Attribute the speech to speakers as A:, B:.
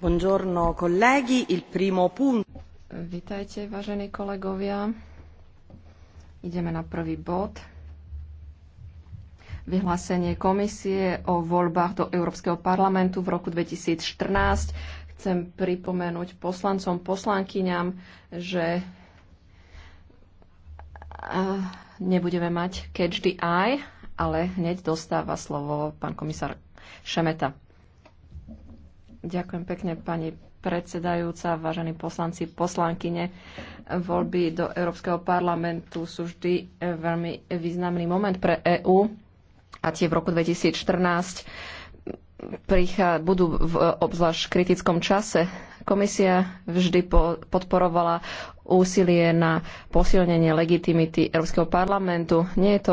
A: Vítajte, Vitajte, vážení kolegovia. Ideme na prvý bod. Vyhlásenie komisie o voľbách do Európskeho parlamentu v roku 2014. Chcem pripomenúť poslancom, poslankyňam, že nebudeme mať catch the eye, ale hneď dostáva slovo pán komisár Šemeta. Ďakujem pekne, pani predsedajúca, vážení poslanci, poslankyne. Voľby do Európskeho parlamentu sú vždy e, veľmi významný moment pre EÚ a tie v roku 2014 prichá, budú v obzvlášť kritickom čase. Komisia vždy po, podporovala úsilie na posilnenie legitimity Európskeho parlamentu. Nie je
B: to